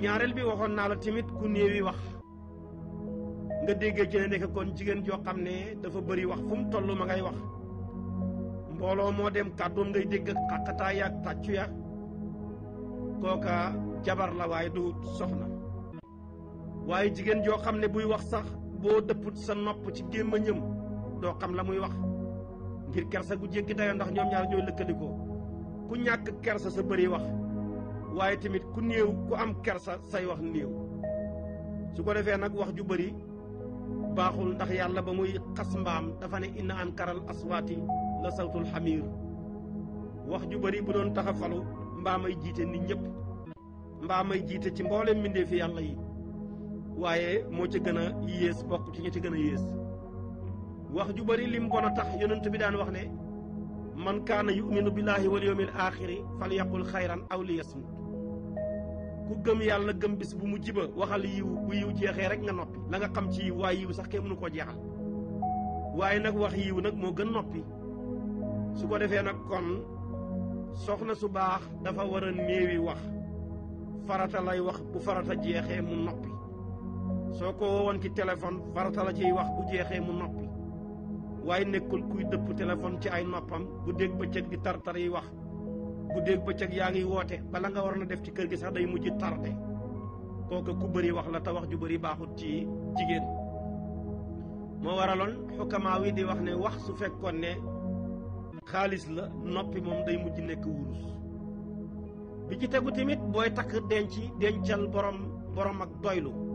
ñaarel bi waxon timit la timit ku neewi wax nga déggee ci ne nekk kon jigen jo xamne dafa bëri wax fum tollu ma ngay wax mbolo mo dem kaddu ngay dégg ak xàqataa taccu ya koka jabar la way du soxna waaye jigen jo xamne buy wax sax bo dëpput sa nopp ci gémmañam do xam la muy wax ngir kersa gu jéggi dayo ndax ñom ñaar ñooy lëkkalikoo ku ñak kersa sa bëri wax waaye tamit ku néew ku am kersa say wax néew su ko defee nag wax ju bëri baaxul ndax yàlla ba muy xas mbaam dafa ne inna ankaral aswaati la sawtul xamiir wax ju bëri bu doon tax a falu mbaa may jiite nit ñëpp mbaa may jiite ci mboolem mbindee fi yàlla yi waaye moo ci gën a yées bokk ci ñi ci gën a yées wax ju bëri lim bon a tax yonent bi daan wax ne man kaana yuminu billaahi wal yawmil aaxiri fal yaqul xayran aw liyasmut ku gëm yàlla gëm bis bu mujj ba waxal yiw bu yiw jeexee rek nga noppi la nga xam ci yiw waaye yiw sax kenn mënu ko jeexal waaye nag wax yiw nag moo gën noppi su ko defee nag kon soxna su baax dafa war a wax farata lay wax bu farata jeexee mu noppi soo ko ci téléphone farata la ciy wax bu jeexee mu noppi waaye nekkul kuy dëpp téléphone ci ay noppam bu dégg bëccëg di tartar yi wax bu guddeeg bëccëg yaa ngi woote bala nga war na def ci kër gi sax day mujj tardé kooku ku bëri wax la te wax ju bëri baaxut ci jigéen moo waraloon xukamaa wi di wax ne wax su fekkoon ne xaalis la noppi moom day mujj nekk wurus bi ci tegu tamit booy takk denc dencal borom borom ak doylu